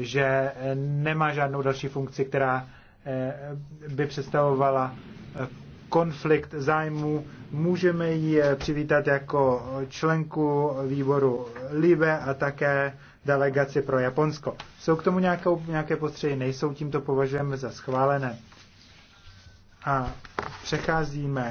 že nemá žádnou další funkci, která eh, by představovala eh, konflikt zájmů. Můžeme ji eh, přivítat jako členku výboru LIBE a také delegaci pro Japonsko. Jsou k tomu nějaké, nějaké postřehy? Nejsou, tímto považujeme za schválené. A přecházíme